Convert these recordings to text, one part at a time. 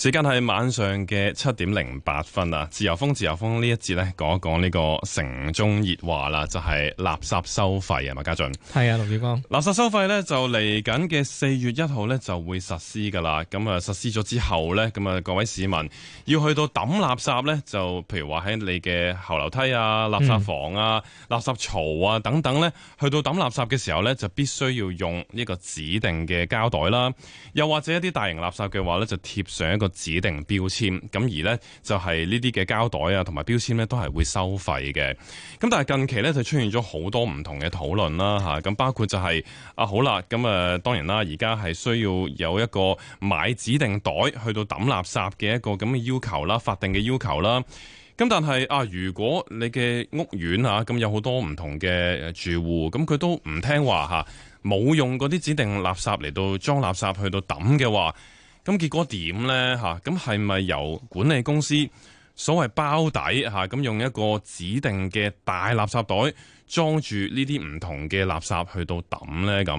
時間係晚上嘅七點零八分啊！自由風，自由風呢一節咧講一講呢個城中熱話啦，就係、是、垃圾收費啊，馬、嗯、家俊。係啊，陸小剛。垃圾收費咧就嚟緊嘅四月一號咧就會實施噶啦。咁啊，實施咗之後咧，咁啊各位市民要去到抌垃圾咧，就譬如話喺你嘅後樓梯啊、垃圾房啊、嗯、垃圾槽啊等等咧，去到抌垃圾嘅時候咧，就必須要用呢個指定嘅膠袋啦。又或者一啲大型垃圾嘅話咧，就貼上一個。指定標籤咁而呢就係呢啲嘅膠袋啊，同埋標籤呢都係會收費嘅。咁但係近期呢就出現咗好多唔同嘅討論啦吓，咁包括就係、是、啊好啦，咁啊當然啦，而家係需要有一個買指定袋去到抌垃圾嘅一個咁嘅要求啦，法定嘅要求啦。咁但係啊，如果你嘅屋苑呀，咁有好多唔同嘅住戶，咁佢都唔聽話冇、啊、用嗰啲指定垃圾嚟到裝垃圾去到抌嘅話。咁結果點呢？吓？咁係咪由管理公司所謂包底吓？咁用一個指定嘅大垃圾袋裝住呢啲唔同嘅垃圾去到抌呢？咁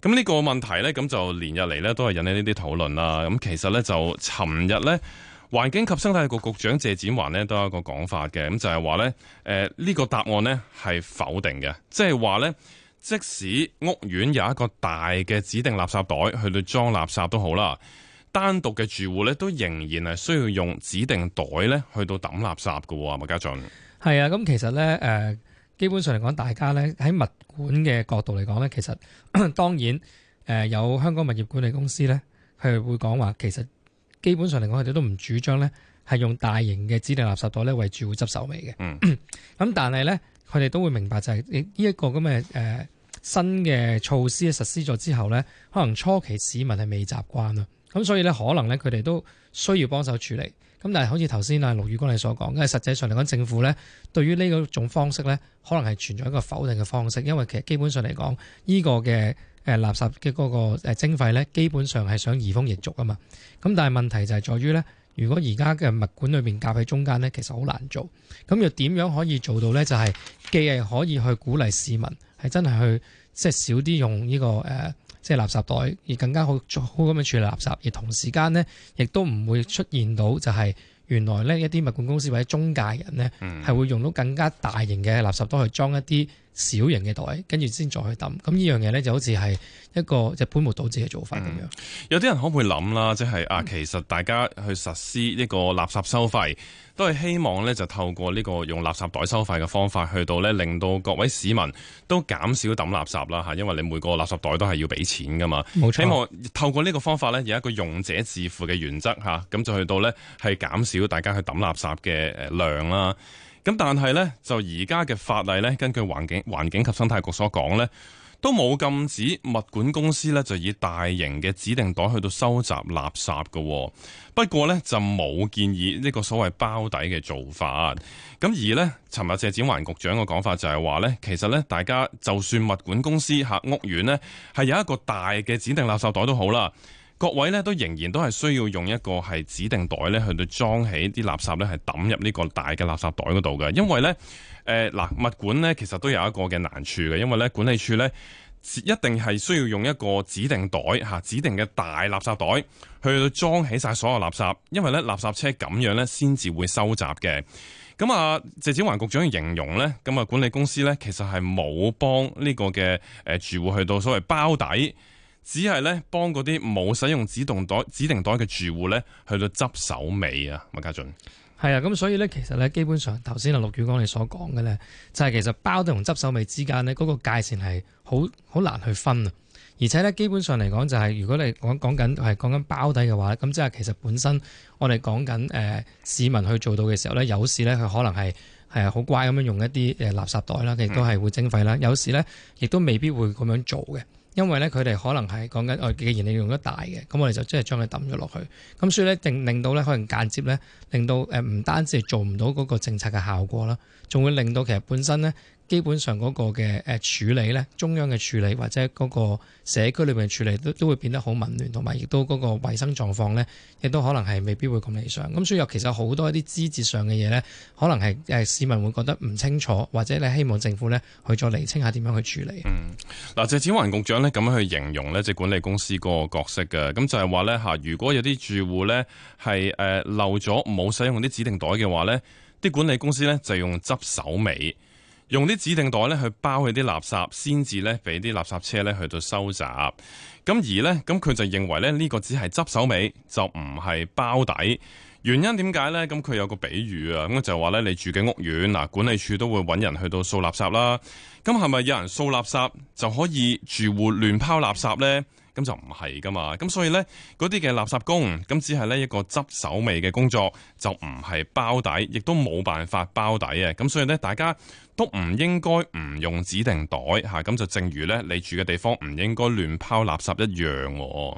咁呢個問題呢，咁就連日嚟，呢都係引起呢啲討論啦。咁其實呢，就尋日呢，環境及生態局局長謝展寰呢都有一個講法嘅，咁就係話呢，誒、呃、呢個答案呢係否定嘅，即係話呢，即使屋苑有一個大嘅指定垃圾袋去到裝垃圾都好啦。單獨嘅住戶咧，都仍然係需要用指定袋咧，去到抌垃圾嘅。麥家俊係啊，咁其實咧，誒，基本上嚟講，大家咧喺物管嘅角度嚟講咧，其實當然誒，有香港物業管理公司咧，佢哋會講話，其實基本上嚟講，佢哋都唔主張咧係用大型嘅指定垃圾袋咧，為住戶執手尾嘅。嗯，咁但係咧，佢哋都會明白就係呢一個咁嘅誒新嘅措施實施咗之後咧，可能初期市民係未習慣啊。咁所以咧，可能咧，佢哋都需要幫手處理。咁但係，好似頭先阿盧宇光你所講，因為實際上嚟講，政府咧對於呢個種方式咧，可能係存在一個否定嘅方式，因為其實基本上嚟講，呢、這個嘅誒垃圾嘅嗰個徵費咧，基本上係想移風易俗啊嘛。咁但係問題就係在於咧，如果而家嘅物管裏面夾喺中間咧，其實好難做。咁又點樣可以做到咧？就係、是、既係可以去鼓勵市民係真係去即係、就是、少啲用呢、這個誒。即係垃圾袋，而更加好好咁樣處理垃圾，而同時間呢，亦都唔會出現到就係原來呢一啲物管公司或者中介人呢，係、嗯、會用到更加大型嘅垃圾袋去裝一啲小型嘅袋，跟住先再去抌。咁呢樣嘢呢，就好似係一個本末倒置嘅做法咁樣。嗯、有啲人可唔可以諗啦，即係啊，嗯、其實大家去實施一個垃圾收費。都係希望咧，就透過呢個用垃圾袋收費嘅方法，去到咧令到各位市民都減少抌垃圾啦，吓，因為你每個垃圾袋都係要俾錢噶嘛。冇錯。希望透過呢個方法咧，有一個用者自負嘅原則吓，咁就去到咧係減少大家去抌垃圾嘅誒量啦。咁但係咧，就而家嘅法例咧，根據環境環境及生態局所講咧。都冇禁止物管公司呢就以大型嘅指定袋去到收集垃圾喎。不過呢，就冇建議呢個所謂包底嘅做法。咁而呢，尋日謝展寰局長嘅講法就係話呢，其實呢，大家就算物管公司喺屋苑呢係有一個大嘅指定垃圾袋都好啦，各位呢都仍然都係需要用一個係指定袋呢去到裝起啲垃圾呢係抌入呢個大嘅垃圾袋嗰度嘅，因為呢。誒、呃，嗱物管咧，其實都有一個嘅難處嘅，因為咧管理處咧一定係需要用一個指定袋吓，指定嘅大垃圾袋去裝起晒所有垃圾，因為咧垃圾車咁樣咧先至會收集嘅。咁啊，謝展寰局長嘅形容呢，咁啊，管理公司呢其實係冇幫呢個嘅誒住戶去到所謂包底，只係呢幫嗰啲冇使用指定袋、指定袋嘅住戶呢去到執手尾啊，麥家俊。係啊，咁所以咧，其實咧、就是，基本上頭先啊陸主講你所講嘅咧，就係其實包底同執手尾之間咧，嗰個界線係好好難去分啊。而且咧，基本上嚟講，就係如果你講講緊係講緊包底嘅話，咁即係其實本身我哋講緊、呃、市民去做到嘅時候咧，有時咧佢可能係好乖咁樣用一啲垃圾袋啦，亦都係會徵費啦。有時咧，亦都未必會咁樣做嘅。因為咧，佢哋可能係講緊，哦，既然你用得大嘅，咁我哋就即係將佢抌咗落去。咁所以咧，定令，令到咧，可能間接咧，令到呃、唔單止係做唔到嗰個政策嘅效果啦，仲會令到其實本身咧。基本上嗰個嘅誒處理呢，中央嘅處理或者嗰個社區裏面嘅處理都都會變得好紊亂，同埋亦都嗰個衞生狀況呢，亦都可能係未必會咁理想。咁所以其實好多一啲枝節上嘅嘢呢，可能係誒市民會覺得唔清楚，或者你希望政府呢去再釐清下點樣去處理。嗯，嗱，謝展寰局長呢，咁樣去形容呢即係管理公司嗰個角色嘅，咁就係話呢，嚇，如果有啲住戶呢係誒漏咗冇使用啲指定袋嘅話呢，啲管理公司呢就用執手尾。用啲指定袋咧去包佢啲垃圾，先至咧俾啲垃圾車咧去到收集。咁而呢，咁佢就認為咧呢個只係執手尾，就唔係包底。原因點解呢？咁佢有個比喻啊，咁就話，是，呢你住嘅屋苑嗱，管理處都會揾人去到掃垃圾啦。咁係咪有人掃垃圾就可以住戶亂拋垃圾呢？咁就唔係噶嘛。咁所以呢，嗰啲嘅垃圾工咁只係呢一個執手尾嘅工作，就唔係包底，亦都冇辦法包底啊。咁所以呢，大家，都唔應該唔用指定袋吓，咁就正如咧你住嘅地方唔應該亂拋垃圾一樣。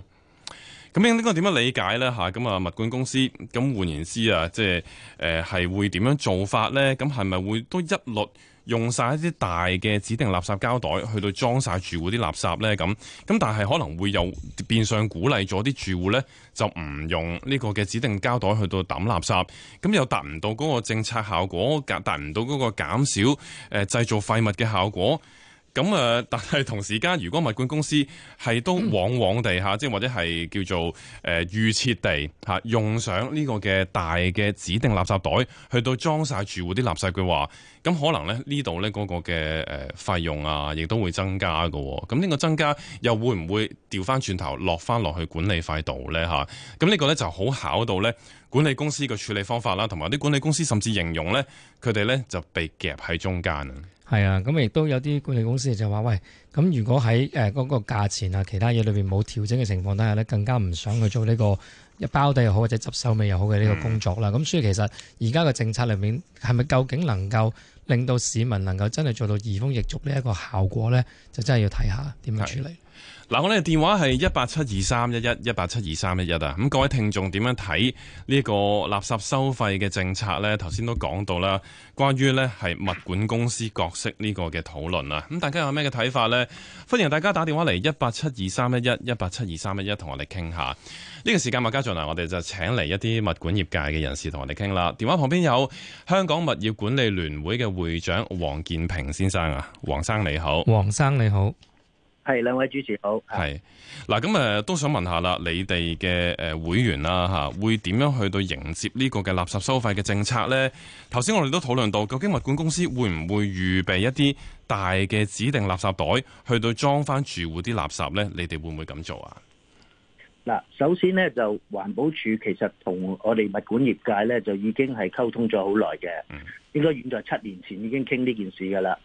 咁應該點樣理解呢？吓？咁啊，物管公司咁換言之啊，即係誒係會點樣做法呢？咁係咪會都一律？用晒一啲大嘅指定垃圾膠袋去到裝晒住戶啲垃圾呢。咁咁但係可能會有變相鼓勵咗啲住戶呢，就唔用呢個嘅指定膠袋去到抌垃圾，咁又達唔到嗰個政策效果，達唔到嗰個減少誒製造廢物嘅效果。咁但係同時間，如果物管公司係都往往地吓，即係或者係叫做誒預設地吓，用上呢個嘅大嘅指定垃圾袋去到裝晒住戶啲垃圾嘅話，佢話咁可能咧呢度咧嗰個嘅誒費用啊，亦都會增加噶。咁呢個增加又會唔會調翻轉頭落翻落去管理費度咧吓？咁呢個咧就好考到咧管理公司嘅處理方法啦，同埋啲管理公司甚至形容咧，佢哋咧就被夾喺中間啊。係啊，咁亦都有啲管理公司就話喂，咁如果喺誒嗰個價錢啊，其他嘢裏邊冇調整嘅情況底下咧，更加唔想去做呢個一包底又好或者執收尾又好嘅呢個工作啦。咁、嗯、所以其實而家嘅政策裏面，係咪究竟能夠令到市民能夠真係做到移風易俗呢一個效果咧，就真係要睇下點樣處理。嗱，我哋電話係一八七二三一一一八七二三一一啊。咁各位聽眾點樣睇呢個垃圾收費嘅政策呢？頭先都講到啦，關於呢係物管公司角色呢個嘅討論啊！咁大家有咩嘅睇法呢？歡迎大家打電話嚟一八七二三一一一八七二三一一，同我哋傾下呢個時間。麥家俊啊，我哋就請嚟一啲物管業界嘅人士同我哋傾啦。電話旁邊有香港物業管理聯會嘅會長黃健平先生啊，黃生你好，黃生你好。係兩位主持好，係嗱，咁誒都想問下啦，你哋嘅誒會員啦吓，會點樣去到迎接呢個嘅垃圾收費嘅政策呢？頭先我哋都討論到，究竟物管公司會唔會預備一啲大嘅指定垃圾袋去到裝翻住戶啲垃圾呢？你哋會唔會咁做啊？嗱，首先呢，就環保署其實同我哋物管業界呢，就已經係溝通咗好耐嘅。嗯應該遠在七年前已經傾呢件事噶啦。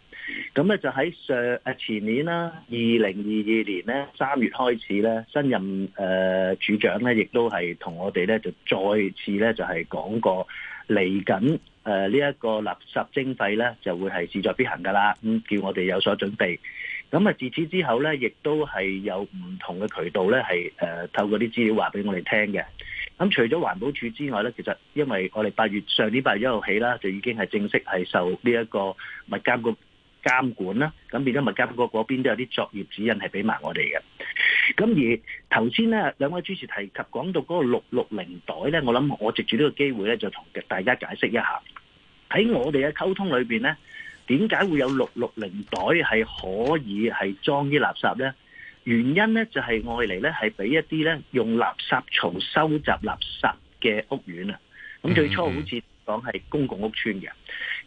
咁咧就喺上誒前年啦，二零二二年咧三月開始咧，新任誒署長咧，亦都係同我哋咧就再次咧就係講過嚟緊誒呢一個垃圾徵費咧就會係事在必行噶啦，咁叫我哋有所準備。咁啊自此之後咧，亦都係有唔同嘅渠道咧，係誒透過啲資料話俾我哋聽嘅。咁除咗環保署之外咧，其實因為我哋八月上年八月一號起啦，就已經係正式係受呢一個物監局監管啦。咁變咗物監局嗰邊都有啲作業指引係俾埋我哋嘅。咁而頭先咧，兩位主持提及講到嗰個六六零袋咧，我諗我藉住呢個機會咧，就同大家解釋一下喺我哋嘅溝通裏邊咧，點解會有六六零袋係可以係裝啲垃圾咧？原因咧就係外嚟咧，係俾一啲咧用垃圾槽收集垃圾嘅屋苑啊。咁最初好似講係公共屋邨嘅，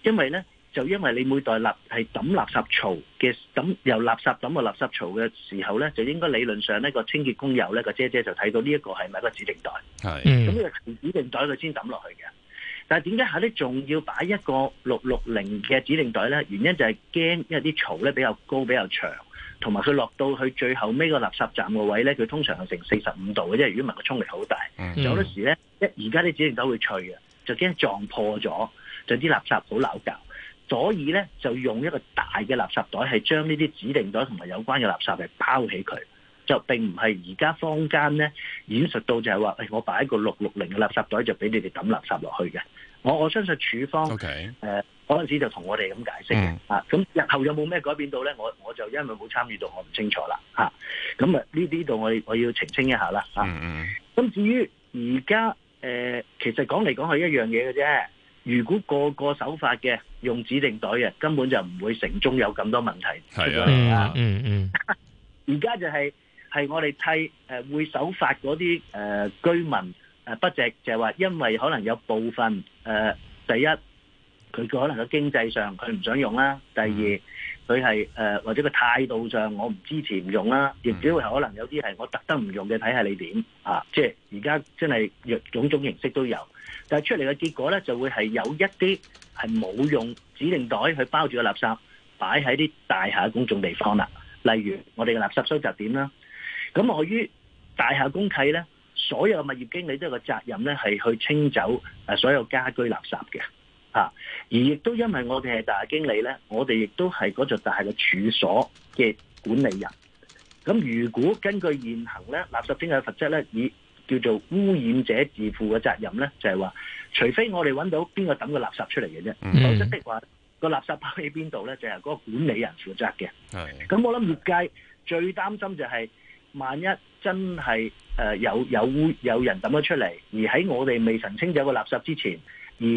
因為咧就因為你每袋垃係抌垃圾槽嘅抌由垃圾抌個垃圾槽嘅時候咧，就應該理論上呢個清潔工友咧，個姐姐就睇到呢一個係咪個指定袋？係。咁呢個指定袋佢先抌落去嘅。但係點解下咧仲要擺一個六六零嘅指定袋咧？原因就係驚，因為啲槽咧比較高，比較長。同埋佢落到去最後尾個垃圾站個位呢，佢通常係成四十五度嘅，即係如果唔係個衝力好大。嗯、有啲時呢，一而家啲指定袋會脆嘅，就驚撞破咗，就啲垃圾好攪雜，所以呢，就用一個大嘅垃圾袋係將呢啲指定袋同埋有關嘅垃圾係包起佢，就並唔係而家坊間呢，演述到就係話，哎，我擺一個六六零嘅垃圾袋就俾你哋抌垃圾落去嘅。我我相信處方，okay. 呃嗰陣時就同我哋咁解釋嘅嚇，咁日後有冇咩改變到咧？我我就因為冇參與到，我唔清楚啦嚇。咁啊呢啲度我我要澄清一下啦嚇。嗯嗯。咁至於而家誒，其實講嚟講去係一樣嘢嘅啫。如果個個守法嘅用指定袋嘅，根本就唔會城中有咁多問題出嚟啦。嗯嗯。而家就係係我哋替誒會守法嗰啲誒居民誒不值，就係話因為可能有部分誒第一。佢可能個經濟上佢唔想用啦，第二佢係誒或者個態度上我唔支持唔用啦，亦都會可能有啲係我特登唔用嘅睇下你點啊，即係而家真係若種種形式都有，但係出嚟嘅結果咧就會係有一啲係冇用指定袋去包住個垃圾擺喺啲大廈公眾地方啦，例如我哋嘅垃圾收集點啦，咁礙於大廈公契咧，所有嘅物業經理都有個責任咧係去清走誒所有家居垃圾嘅。吓、啊，而亦都因為我哋係大的經理咧，我哋亦都係嗰座大嘅處所嘅管理人。咁如果根據現行咧，垃圾清嘅罰則咧，以叫做污染者自負嘅責任咧，就係、是、話，除非我哋揾到邊個抌個垃圾出嚟嘅啫，否、mm、則 -hmm. 的話，個垃圾拋喺邊度咧，就係、是、嗰個管理人負責嘅。係，咁我諗業界最擔心就係、是，萬一真係誒、呃、有有污有人抌咗出嚟，而喺我哋未曾清走個垃圾之前，而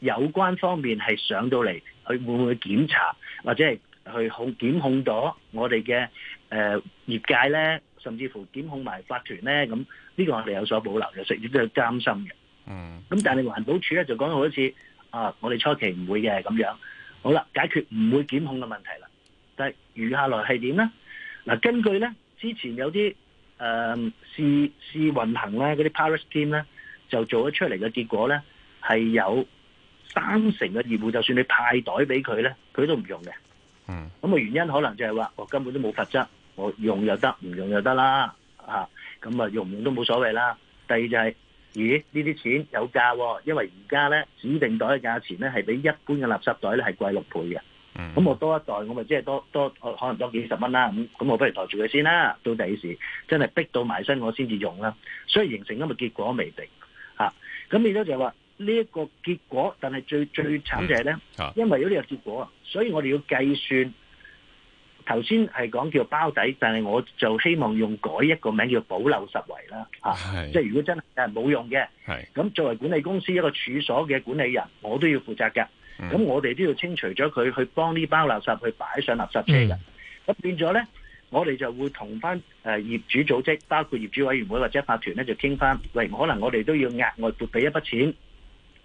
有關方面係上到嚟，佢會唔會檢查，或者係去控檢控咗我哋嘅誒業界咧，甚至乎檢控埋法團咧，咁呢個我哋有所保留嘅，實亦都有擔心嘅。嗯。咁但係環保署咧就講咗好多次啊，我哋初期唔會嘅咁樣。好啦，解決唔會檢控嘅問題啦。但係餘下來係點咧？嗱，根據咧之前有啲誒、呃、試試運行咧，嗰啲 Paris team 咧就做咗出嚟嘅結果咧係有。三成嘅業務，就算你派袋俾佢咧，佢都唔用嘅。嗯，咁嘅原因可能就係話，我根本都冇罰則，我用又得，唔用又得啦。吓、啊，咁、嗯、啊用唔用都冇所謂啦。第二就係、是，咦呢啲錢有價、啊，因為而家咧指定袋嘅價錢咧係比一般嘅垃圾袋咧係貴六倍嘅。咁、嗯、我多一袋，我咪即係多多可能多幾十蚊啦。咁咁我不如袋住佢先啦。到第時真係逼到埋身我先至用啦。所以形成咁嘅結果未定。吓、啊，咁變咗就係話。呢、這、一個結果，但係最最慘就係咧，因為有呢個結果啊，所以我哋要計算。頭先係講叫包底，但係我就希望用改一個名叫保留實惠啦，嚇、啊，即係如果真係冇用嘅，咁作為管理公司一個處所嘅管理人，我都要負責嘅。咁、嗯、我哋都要清除咗佢，去幫呢包垃圾去擺上垃圾車嘅。咁、嗯、變咗咧，我哋就會同翻誒業主組織，包括業主委員會或者法團咧，就傾翻，喂，可能我哋都要額外撥俾一筆錢。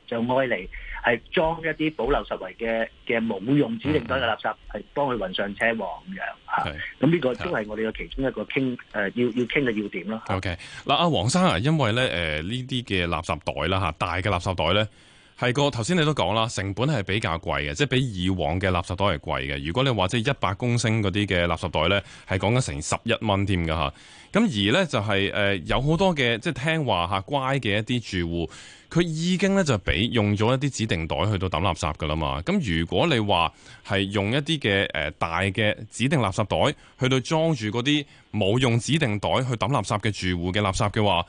就愛嚟係裝一啲保留實惠嘅嘅冇用指定袋嘅垃圾係、嗯、幫佢運上車禍咁樣嚇。咁呢、啊、個都係我哋嘅其中一個傾誒，要要傾嘅要點啦、啊。OK，嗱阿黃生啊，因為咧誒呢啲嘅、呃、垃圾袋啦嚇、啊，大嘅垃圾袋咧。係個頭先你都講啦，成本係比較貴嘅，即係比以往嘅垃圾袋係貴嘅。如果你話即係一百公升嗰啲嘅垃圾袋呢，係講緊成十一蚊添噶吓。咁而呢，就係誒有好多嘅即係聽話吓乖嘅一啲住戶，佢已經呢就俾用咗一啲指定袋去到抌垃圾噶啦嘛。咁如果你話係用一啲嘅誒大嘅指定垃圾袋去到裝住嗰啲冇用指定袋去抌垃圾嘅住戶嘅垃圾嘅話，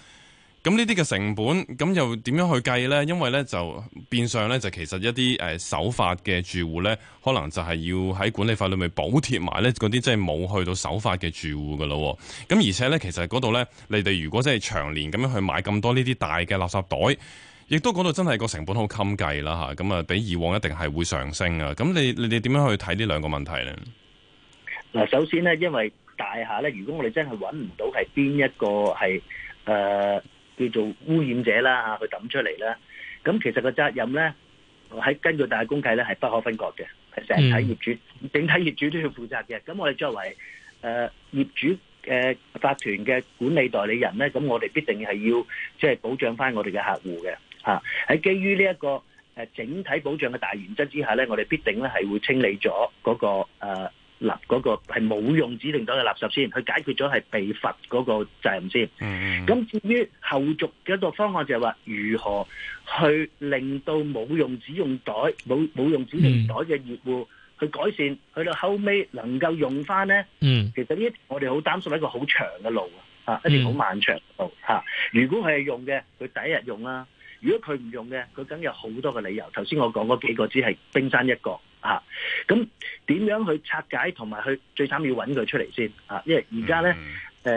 咁呢啲嘅成本，咁又點樣去計呢？因為呢，就變相呢，就其實一啲誒、呃、守法嘅住戶呢，可能就係要喺管理費裏面補貼埋呢嗰啲即係冇去到守法嘅住戶噶咯。咁而且呢，其實嗰度呢，你哋如果真係長年咁樣去買咁多呢啲大嘅垃圾袋，亦都嗰度真係個成本好襟計啦吓，咁啊，啊，比以往一定係會上升啊。咁你你哋點樣去睇呢兩個問題呢？嗱，首先呢，因為大廈呢，如果我哋真係揾唔到係邊一個係叫做污染者啦，吓，佢抌出嚟啦。咁其實個責任咧，喺根據大公契咧係不可分割嘅，係成體業主、整體業主都要負責嘅。咁我哋作為誒、呃、業主誒、呃、法團嘅管理代理人咧，咁我哋必定係要即係、就是、保障翻我哋嘅客戶嘅。吓、啊，喺基於呢一個誒、呃、整體保障嘅大原則之下咧，我哋必定咧係會清理咗嗰、那個誒。呃立嗰個係冇用指定袋嘅垃圾先，佢解決咗係被罰嗰個責任先。咁至於後續嘅一個方案就係話，如何去令到冇用指定袋、冇冇用指定袋嘅業戶去改善，去到後尾能夠用翻咧？其實呢，我哋好擔心係一個好長嘅路啊，一條好漫長嘅路嚇。如果佢係用嘅，佢第一日用啦；如果佢唔用嘅，佢梗有好多嘅理由。頭先我講嗰幾個只係冰山一角。吓、啊，咁點樣去拆解同埋去最慘要揾佢出嚟先啊！因為而家咧，誒、嗯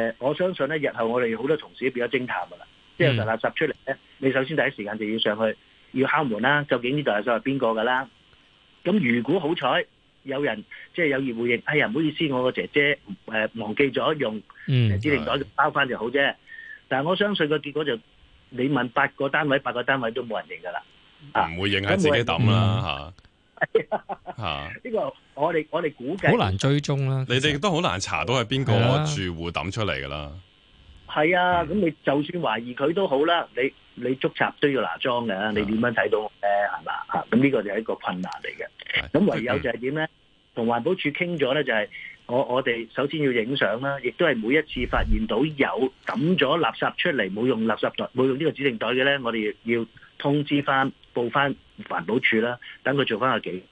呃，我相信咧，日後我哋好多同事都變咗偵探噶啦，即係有垃圾出嚟咧，你首先第一時間就要上去，要敲門啦。究竟呢度係所係邊個噶啦？咁如果好彩有人即係、就是、有意回應，哎呀，唔好意思，我個姐姐誒、呃、忘記咗用，指定袋包翻就好啫、嗯。但係我相信個結果就，你問八個單位，八個單位都冇人認噶啦，唔、啊、會認喺自己抌啦、啊，吓。嗯啊係呢、啊、 個我哋我哋估計好難追蹤啦。你哋亦都好難查到係邊個住戶抌出嚟噶啦。係啊，咁、啊啊、你就算懷疑佢都好啦。你你捉賊都要拿贓嘅、啊，你點樣睇到咧？係嘛吓？咁呢個就係一個困難嚟嘅。咁唯有就係點咧？同、嗯、環保署傾咗咧，就係我我哋首先要影相啦。亦都係每一次發現到有抌咗垃圾出嚟，冇用垃圾袋冇用呢個指定袋嘅咧，我哋要，要通知翻報翻。環保署啦，等佢做翻個記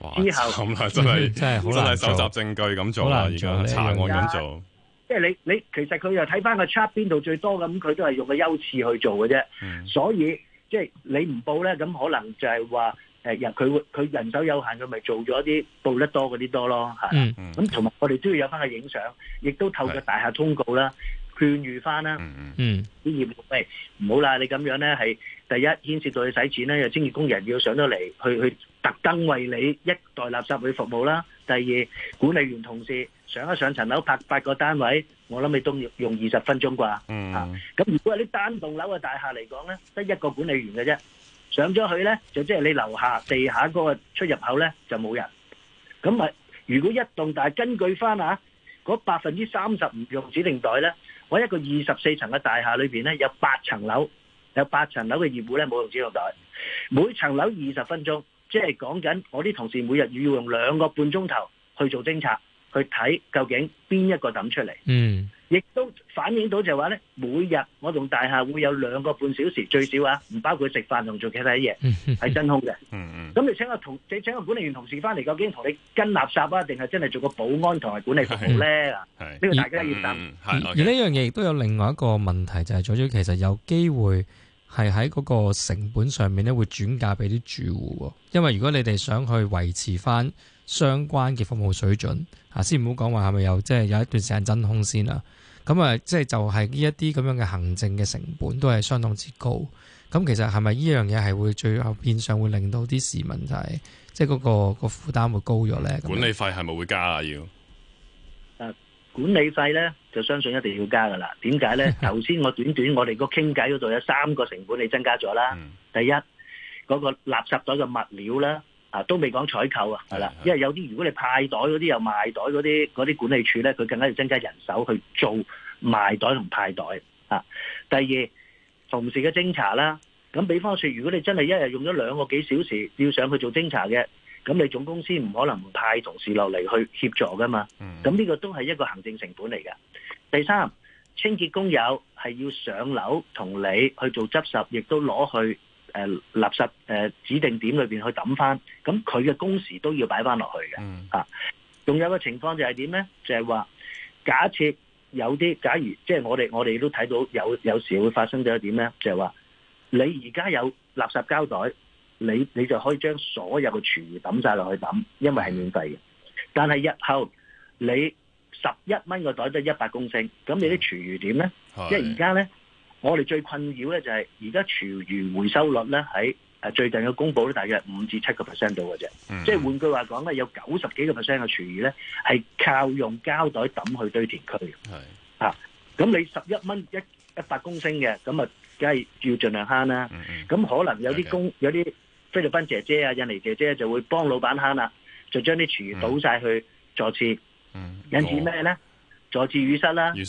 錄，之後咁啊，真係真係好難收集證據咁做，好難做。而家查案咁做，即係你你其實佢又睇翻個 check 邊度最多咁，佢都係用個優次去做嘅啫。所以即係、就是、你唔報咧，咁可能就係話誒人佢佢人手有限，佢咪做咗啲報得多嗰啲多咯，係。咁同埋我哋都要有翻個影相，亦都透過大廈通告啦，勸喻翻啦。嗯嗯，嗯，啲業委喂，唔好啦，你咁樣咧係。第一牽涉到你使錢咧，有專業工人要上到嚟去去特登為你一袋垃圾去服務啦。第二，管理員同事上一上層樓拍八個單位，我諗你都用用二十分鐘啩嚇。咁如果係啲單棟樓嘅大廈嚟講咧，得一個管理員嘅啫，上咗去咧就即係你樓下地下嗰個出入口咧就冇人。咁咪如果一棟，但係根據翻嚇嗰百分之三十唔用指定袋咧，我一個二十四層嘅大廈裏邊咧有八層樓。有八層樓嘅業戶咧，冇用指定袋，每層樓二十分鐘，即係講緊我啲同事每日要用兩個半鐘頭去做偵查，去睇究竟邊一個抌出嚟。嗯。亦都反映到就係話咧，每日我棟大廈會有兩個半小時最少啊，唔包括食飯同做其他嘢，係真空嘅。咁你請個同你請個管理員同事翻嚟，究竟同你跟垃圾啊，定係真係做個保安同埋管理服務咧啊？呢個大家要諗。而呢樣嘢亦都有另外一個問題，就係最主要，其實有機會係喺嗰個成本上面咧，會轉嫁俾啲住戶。因為如果你哋想去維持翻相關嘅服務水準，啊，先唔好講話係咪有即係有一段時間真空先啦。咁啊，即係就係呢一啲咁樣嘅行政嘅成本都係相當之高。咁其實係咪呢樣嘢係會最後變相會令到啲市民就係即係嗰個個負擔會高咗咧？管理費係咪會加啊？要啊，管理費咧就相信一定要加噶啦。點解咧？頭先我短短我哋個傾偈嗰度有三個成本你增加咗啦。第一，嗰個垃圾袋嘅物料啦。啊，都未講採購啊，係啦，因為有啲如果你派袋嗰啲又賣袋嗰啲嗰啲管理處咧，佢更加要增加人手去做賣袋同派袋啊。第二，同事嘅偵查啦，咁比方說，如果你真係一日用咗兩個幾小時要上去做偵查嘅，咁你總公司唔可能派同事落嚟去協助噶嘛。咁呢個都係一個行政成本嚟㗎。第三，清潔工友係要上樓同你去做執拾，亦都攞去。誒、呃，垃圾誒、呃、指定點裏面去抌翻，咁佢嘅工時都要擺翻落去嘅，吓、啊。仲有一個情況就係點咧？就係、是、話假設有啲，假如即係我哋我哋都睇到有有時會發生咗一點咧，就係、是、話你而家有垃圾膠袋，你你就可以將所有嘅廚餘抌晒落去抌，因為係免費嘅。但係日後你十一蚊個袋得一百公升，咁你啲廚餘點咧？即係而家咧。我哋最困擾咧就係而家廚餘回收率咧，喺誒最近嘅公佈咧，大約五至七個 percent 度嘅啫。即、嗯、係換句話講咧，有九十幾個 percent 嘅廚餘咧係靠用膠袋揼去堆填區嘅。係咁、啊、你十一蚊一一百公升嘅，咁啊梗係要盡量慳啦。咁、嗯、可能有啲工有啲菲律賓姐姐啊、印尼姐姐就會幫老闆慳啦，就將啲廚餘倒晒去、嗯、坐廁、嗯，引致咩咧？坐廁淤塞啦，水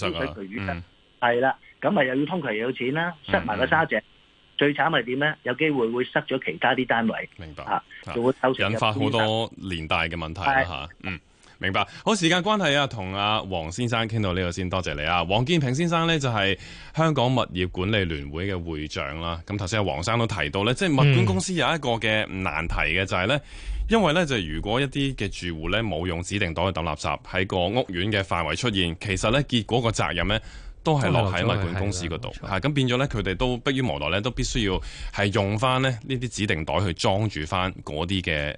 渠淤塞啊！係啦，咁咪又要通渠又要錢啦，塞埋個沙井、嗯嗯，最慘係點咧？有機會會塞咗其他啲單位，明白吓、啊，就會收引發好多連帶嘅問題啦吓、啊。嗯，明白好。時間關係啊，同阿黃先生傾到呢度先，多謝你啊。黃健平先生呢，就係、是、香港物業管理聯會嘅會長啦。咁頭先阿黃生都提到咧，即係物管公司有一個嘅難題嘅、嗯、就係、是、咧，因為咧就係如果一啲嘅住戶咧冇用指定袋去抌垃圾喺個屋苑嘅範圍出現，其實咧結果個責任咧。都係落喺物管公司嗰度嚇，咁變咗咧，佢哋都迫於無奈咧，都必須要係用翻咧呢啲指定袋去裝住翻嗰啲嘅誒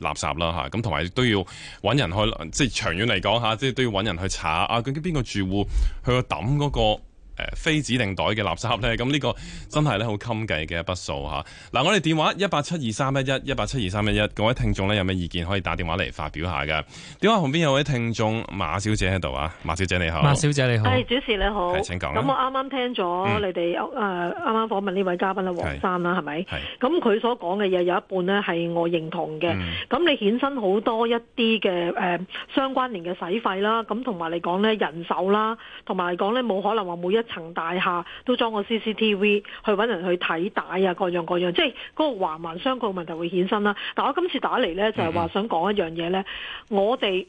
垃圾啦嚇。咁同埋都要揾人去，即係長遠嚟講嚇，即係都要揾人去查啊。究竟邊個住戶去抌嗰個？誒，非指定袋嘅垃圾咧，咁呢個真係咧好襟計嘅一筆數吓。嗱、啊，我哋電話一八七二三一一一八七二三一一，各位聽眾咧有咩意見可以打電話嚟發表下噶？電話旁邊有位聽眾馬小姐喺度啊，馬小姐，馬小姐你好，馬小姐你好，係、hey, 主持你好，請講。咁我啱啱聽咗你哋誒，啱啱訪問呢位嘉賓呢黃生啦，係咪？咁佢所講嘅嘢，有一半咧係我認同嘅。咁、嗯、你衍生好多一啲嘅誒相關聯嘅使費啦，咁同埋嚟講咧人手啦，同埋嚟講咧冇可能話每一層大廈都裝個 CCTV，去搵人去睇帶啊、各樣各樣，即係嗰個環環相扣問題會衍生啦。但我今次打嚟呢，就係、是、話想講一樣嘢呢：是是我哋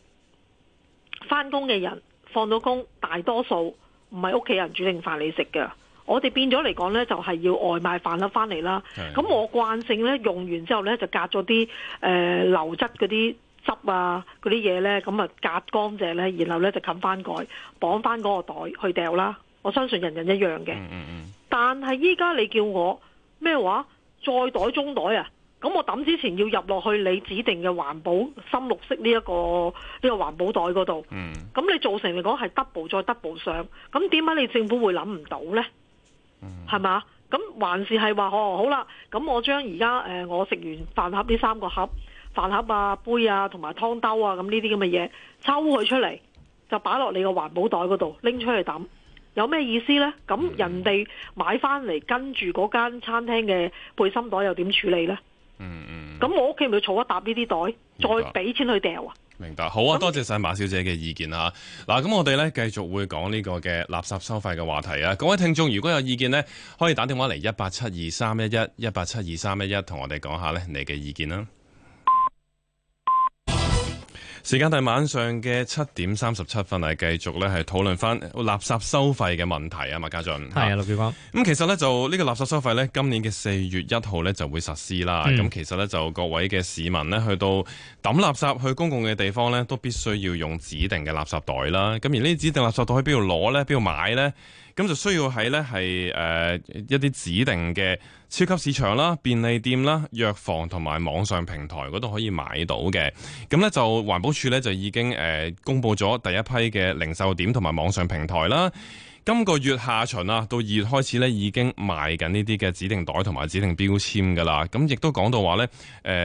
返工嘅人放咗工，大多數唔係屋企人煮定飯你食嘅，我哋變咗嚟講呢，就係、是、要外賣飯盒，返嚟啦。咁我慣性呢，用完之後呢，就隔咗啲誒流質嗰啲汁啊，嗰啲嘢呢，咁啊隔乾淨呢，然後呢，就冚翻蓋，綁翻嗰個袋去掉啦。我相信人人一樣嘅，但係依家你叫我咩話再袋中袋啊？咁我抌之前要入落去你指定嘅環保深綠色呢、呢、一個呢、呢個環保袋嗰度。咁、嗯、你做成嚟講係 double 再 double 上，咁點解你政府會諗唔到呢？係咪？咁還是係話哦好啦？咁我將而家誒我食完飯盒呢三個盒、飯盒啊、杯啊、同埋湯兜啊咁呢啲咁嘅嘢抽佢出嚟，就擺落你個環保袋嗰度，拎出去抌。有咩意思呢？咁人哋買翻嚟，跟住嗰間餐廳嘅背心袋又點處理呢？嗯嗯。咁我屋企咪要坐一沓呢啲袋，再俾錢去掉啊？明白，好啊，多謝晒馬小姐嘅意見啊。嗱，咁我哋呢繼續會講呢個嘅垃圾收費嘅話題啊。各位聽眾，如果有意見呢，可以打電話嚟，一八七二三一一一八七二三一一，同我哋講下呢你嘅意見啦。時間係晚上嘅七點三十七分，係繼續咧，係討論翻垃圾收費嘅問題啊，馬家俊係啊，陸兆光。咁、嗯、其實咧就呢個垃圾收費咧，今年嘅四月一號咧就會實施啦。咁、嗯、其實咧就各位嘅市民咧，去到抌垃圾去公共嘅地方咧，都必須要用指定嘅垃圾袋啦。咁而呢啲指定垃圾袋喺邊度攞咧？邊度買咧？咁就需要喺呢係誒一啲指定嘅超級市場啦、便利店啦、藥房同埋網上平台嗰度可以買到嘅。咁呢，就環保署呢就已經誒公布咗第一批嘅零售點同埋網上平台啦。今個月下旬啊，到二月開始咧，已經賣緊呢啲嘅指定袋同埋指定標籤噶啦。咁亦都講到話咧，誒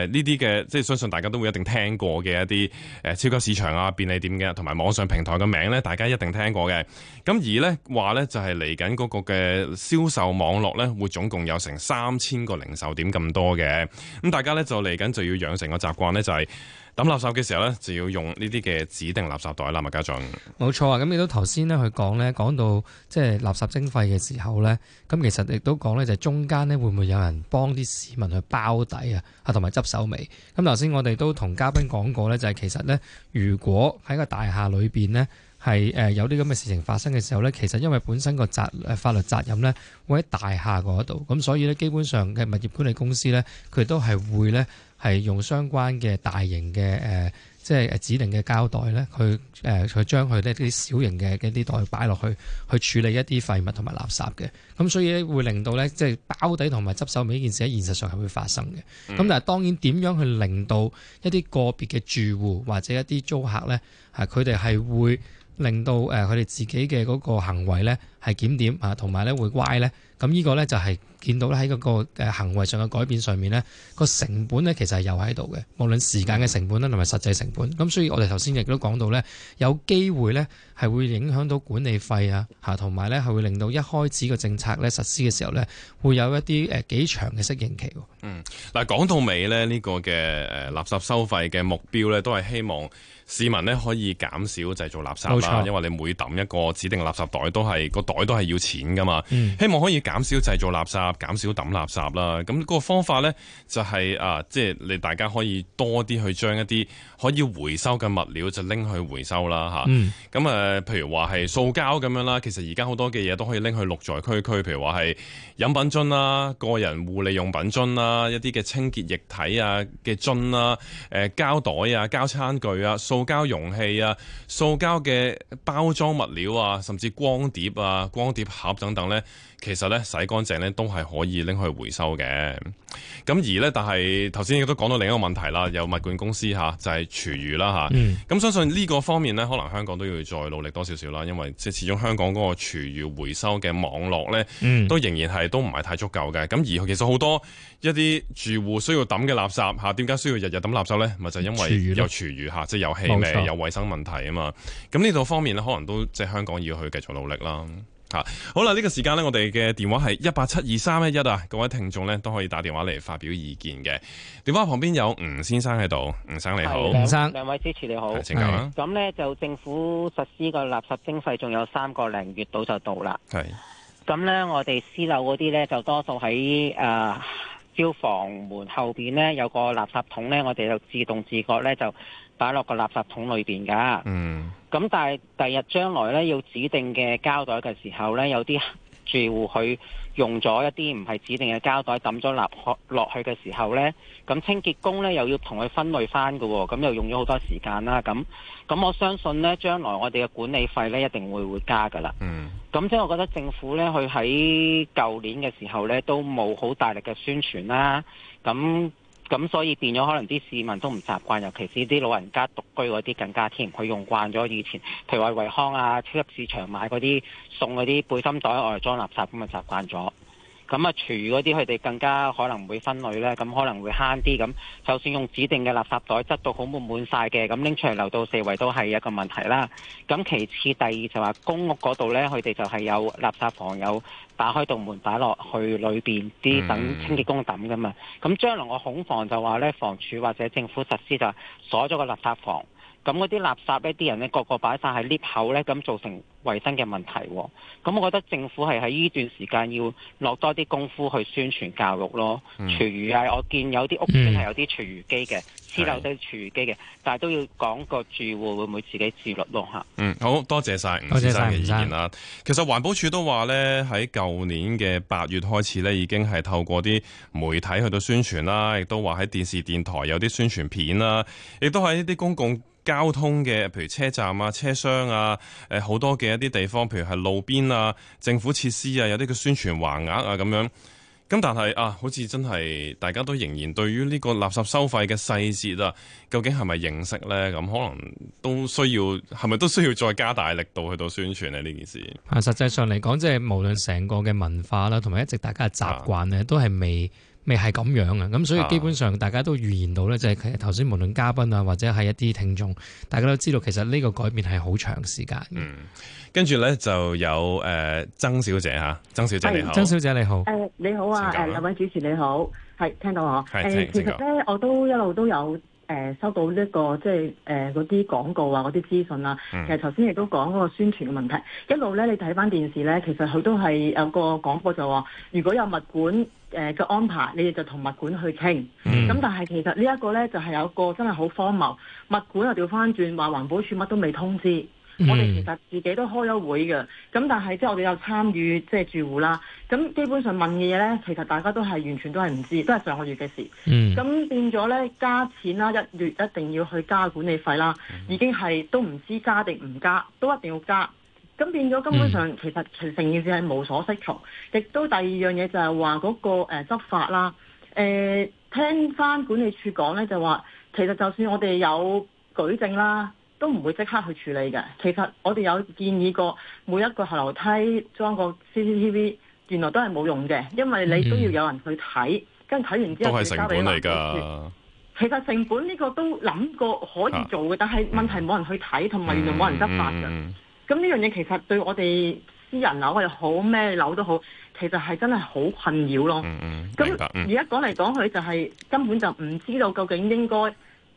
呢啲嘅，即係相信大家都會一定聽過嘅一啲、呃、超級市場啊、便利店嘅同埋網上平台嘅名咧，大家一定聽過嘅。咁而呢話呢，就係嚟緊嗰個嘅銷售網絡呢，會總共有成三千個零售點咁多嘅。咁大家呢，就嚟緊就要養成個習慣呢，就係、是。抌垃圾嘅時候呢，就要用呢啲嘅指定垃圾袋啦，麥家俊。冇錯啊，咁亦都頭先呢，佢講呢講到即係垃圾徵費嘅時候呢，咁其實亦都講呢，就係中間呢會唔會有人幫啲市民去包底啊？啊，同埋執手尾。咁頭先我哋都同嘉賓講過呢，就係其實呢，如果喺個大廈裏邊呢，係誒有啲咁嘅事情發生嘅時候呢，其實因為本身個責誒法律責任呢會喺大廈嗰度，咁所以呢，基本上嘅物業管理公司呢，佢都係會呢。係用相關嘅大型嘅誒、呃，即係指定嘅膠袋呢，去誒去將佢呢啲小型嘅啲袋擺落去去處理一啲廢物同埋垃圾嘅，咁，所以咧會令到呢，即、就、係、是、包底同埋執手尾呢件事喺現實上係會發生嘅。咁、嗯、但係當然點樣去令到一啲個別嘅住戶或者一啲租客呢，係佢哋係會令到誒佢哋自己嘅嗰個行為呢。係檢點啊，同埋咧會歪咧，咁呢個咧就係見到咧喺嗰個行為上嘅改變上面呢、個成本咧其實係又喺度嘅，無論時間嘅成本啦，同埋實際成本。咁所以我哋頭先亦都講到呢，有機會呢係會影響到管理費啊，嚇，同埋呢係會令到一開始個政策呢實施嘅時候呢，會有一啲誒幾長嘅適應期。嗯，嗱講到尾呢，呢個嘅誒垃圾收費嘅目標呢，都係希望市民呢可以減少製造垃圾啦，因為你每抌一個指定垃圾袋都係個袋。袋都係要錢噶嘛，希望可以減少製造垃圾，減少抌垃圾啦。咁個方法咧就係、是、啊，即係你大家可以多啲去將一啲可以回收嘅物料就拎去回收啦，吓、嗯。咁、啊、誒，譬如話係塑膠咁樣啦，其實而家好多嘅嘢都可以拎去綠在區區，譬如話係飲品樽啦、個人護理用品樽啦、一啲嘅清潔液體啊嘅樽啦、誒膠袋啊、膠餐具啊、塑膠容器啊、塑膠嘅包裝物料啊，甚至光碟啊。光碟盒等等呢，其實呢，洗乾淨呢都係可以拎去回收嘅。咁而呢，但係頭先亦都講到另一個問題啦，有物管公司吓，就係廚餘啦吓。咁、嗯啊、相信呢個方面呢，可能香港都要再努力多少少啦，因為即係始終香港嗰個廚餘回收嘅網絡呢，都仍然係都唔係太足夠嘅。咁、嗯、而其實好多一啲住戶需要抌嘅垃圾吓，點解需要日日抌垃圾呢？咪就因為有廚餘吓，嗯嗯嗯嗯、即係有氣味、冇錯、有衛生問題啊嘛。咁呢度方面呢，可能都即係香港要去繼續努力啦。好啦，呢、這個時間呢，我哋嘅電話係一八七二三一一啊，各位聽眾呢，都可以打電話嚟發表意見嘅。電話旁邊有吳先生喺度，吳生你好，吳生，兩位主持你好，請講。咁呢，就政府實施個垃圾徵費，仲有三個零月度就到啦。係，咁呢，我哋私樓嗰啲呢，就多數喺誒、呃、消防門後邊呢，有個垃圾桶呢，我哋就自動自覺呢，就擺落個垃圾桶裏邊噶。嗯。咁但係第日將來咧要指定嘅膠袋嘅時候咧，有啲住戶佢用咗一啲唔係指定嘅膠袋抌咗落去落去嘅時候咧，咁清潔工咧又要同佢分類翻㗎喎，咁又用咗好多時間啦。咁，咁我相信咧，將來我哋嘅管理費咧一定會會加㗎啦。嗯。咁即係我覺得政府咧，佢喺舊年嘅時候咧都冇好大力嘅宣傳啦。咁。咁所以變咗，可能啲市民都唔習慣，尤其是啲老人家獨居嗰啲更加添，佢用慣咗以前，譬如話惠康啊、超級市場買嗰啲送嗰啲背心袋嚟裝垃圾咁嘅習慣咗。咁啊，廚餘嗰啲佢哋更加可能會分類呢，咁可能會慳啲。咁就算用指定嘅垃圾袋，執到好滿滿晒嘅，咁拎出嚟留到四圍都係一個問題啦。咁其次第二就話公屋嗰度呢，佢哋就係有垃圾房，有打開道門打落去裏面啲等清潔工等噶嘛。咁將來個恐防就話呢，房署或者政府實施就鎖咗個垃圾房。咁嗰啲垃圾呢啲人呢個個擺晒喺呢口呢，咁造成衞生嘅問題。咁我覺得政府係喺呢段時間要落多啲功夫去宣傳教育咯。廚餘啊，我見有啲屋苑係有啲廚餘機嘅，黐漏啲廚餘機嘅，但係都要講個住戶會唔會自己自律咯吓，嗯，好多謝晒，多謝晒嘅意見啦。其實環保署都話呢，喺舊年嘅八月開始呢，已經係透過啲媒體去到宣傳啦，亦都話喺電視電台有啲宣傳片啦，亦都喺一啲公共交通嘅，譬如車站啊、車廂啊，誒好多嘅一啲地方，譬如係路邊啊、政府設施啊，有啲嘅宣傳橫額啊咁樣。咁但係啊，好似真係大家都仍然對於呢個垃圾收費嘅細節啊，究竟係咪認識呢？咁可能都需要係咪都需要再加大力度去到宣傳呢呢件事。啊，實際上嚟講，即係無論成個嘅文化啦，同埋一直大家嘅習慣呢，都係未。未係咁樣啊！咁所以基本上大家都預言到咧，就係其實頭先無論嘉賓啊，或者係一啲聽眾，大家都知道其實呢個改變係好長時間。嗯，跟住咧就有誒、呃、曾小姐吓曾小姐，你好，曾小姐你好，你好，呃、你好啊，誒兩位主持你好，係聽到我。係、呃。其實咧，我都一路都有、呃、收到呢、呢個即係嗰啲廣告啊，嗰啲資訊啦、嗯。其實頭先亦都講嗰個宣傳嘅問題，一路咧你睇翻電視咧，其實佢都係有個廣播就話，如果有物管。誒嘅安排，你哋就同物管去傾。咁、嗯、但係其實呢一個呢，就係有個真係好荒謬，物管又調翻轉話環保署乜都未通知。嗯、我哋其實自己都開咗會嘅，咁但係即係我哋有參與，即、就、係、是、住戶啦。咁基本上問嘅嘢呢，其實大家都係完全都係唔知，都係上個月嘅事。咁、嗯、變咗呢，加錢啦，一月一定要去加管理費啦，已經係都唔知加定唔加，都一定要加。咁變咗根本上、嗯、其實成件事係無所適從，亦都第二樣嘢就係話嗰個、呃、執法啦。呃、聽翻管理處講咧，就話其實就算我哋有舉證啦，都唔會即刻去處理嘅。其實我哋有建議過每一個後樓梯裝個 CCTV，原來都係冇用嘅，因為你都要有人去睇、嗯。跟住睇完之後係成本嚟㗎。其實成本呢個都諗過可以做嘅、啊，但係問題冇人去睇，同埋原來冇人執法嘅。嗯咁呢樣嘢其實對我哋私人樓係好，咩樓都好，其實係真係好困擾咯。嗯嗯，咁而家講嚟講去就係根本就唔知道究竟應該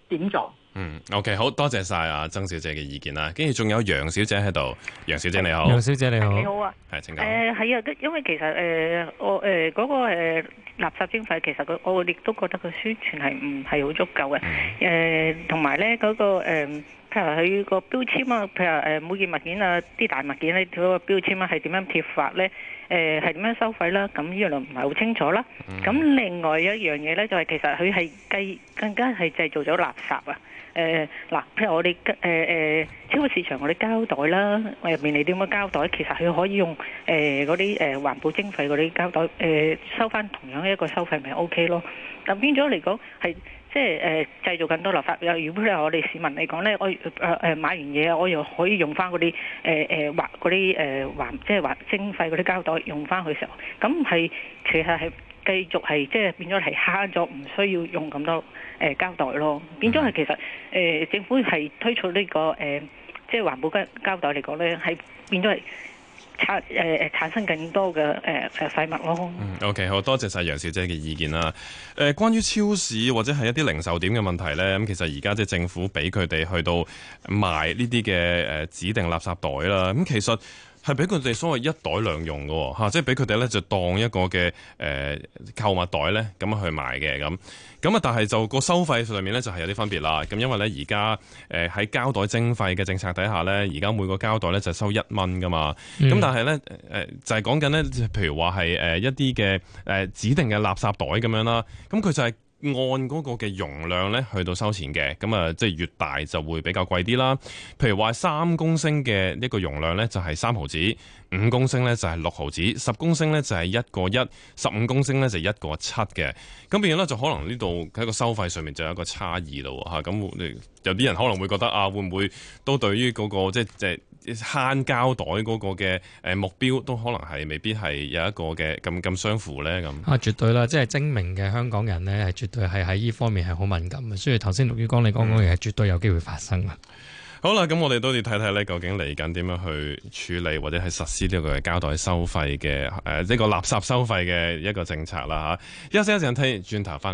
點做。嗯，OK，好多謝晒啊曾小姐嘅意見啦，跟住仲有楊小姐喺度。楊小姐你好，楊小姐你好，你好啊，係請講。誒係啊，因為其實、呃、我嗰、呃嗰個垃圾徵費其實個我亦都覺得個宣傳係唔係好足夠嘅，誒同埋咧嗰個誒譬如佢個標籤啊，譬如誒每件物件啊啲大物件咧嗰、嗰個標籤啊係點樣貼法咧，誒係點樣收費啦，咁呢樣就唔係好清楚啦。咁另外一樣嘢咧就係、係、其實佢係計更加係製造咗垃圾啊。誒、呃、嗱，譬如我哋誒、呃、超級市場我哋膠袋啦，我入面你點樣膠袋，其實佢可以用嗰啲、呃、環保徵費嗰啲膠袋、呃、收翻同樣嘅一個收費咪 OK 咯。但變咗嚟講係即係製造更多立法，如果譬如我哋市民嚟講咧，我買完嘢我又可以用翻嗰啲啲即環徵費嗰啲膠袋用翻去時候，咁係其實係。繼續係即係變咗係慳咗，唔需要用咁多誒膠袋咯。變咗係其實誒、呃、政府係推出呢、這個誒、呃、即係環保膠膠袋嚟講咧，係變咗係產誒誒、呃、產生更多嘅誒誒廢物咯。OK，好多謝晒楊小姐嘅意見啦。誒、呃，關於超市或者係一啲零售點嘅問題咧，咁其實而家即係政府俾佢哋去到賣呢啲嘅誒指定垃圾袋啦。咁其實係俾佢哋所謂一袋兩用㗎喎，即係俾佢哋咧就當一個嘅誒、呃、購物袋咧咁樣去賣嘅咁，咁啊但係就個收費上面咧就係有啲分別啦。咁因為咧而家喺膠袋徵費嘅政策底下咧，而家每個膠袋咧就收一蚊噶嘛。咁、嗯、但係咧、呃、就係、是、講緊咧，譬如話係一啲嘅、呃、指定嘅垃圾袋咁樣啦。咁佢就係、是。按嗰個嘅容量咧，去到收錢嘅，咁啊，即係越大就會比較貴啲啦。譬如話三公升嘅一個容量咧，就係三毫子；五公升咧就係六毫子；十公升咧就係一個一；十五公升咧就係一個七嘅。咁變咗咧就可能呢度喺個收費上面就有一個差異咯嚇。咁有啲人可能會覺得啊，會唔會都對於嗰個即係即係。就是慳膠袋嗰個嘅誒目標都可能係未必係有一個嘅咁咁相符咧。咁啊絕對啦，即係精明嘅香港人咧係絕對係喺呢方面係好敏感嘅，所以頭先陸宇光你講講嘢係絕對有機會發生，嗯、好啦，咁我哋都要睇睇咧，究竟嚟緊點樣去處理或者係實施呢個膠袋收費嘅，誒，呢、呃呢個垃圾收費嘅一個政策啦吓。休息一陣聽完轉頭翻嚟。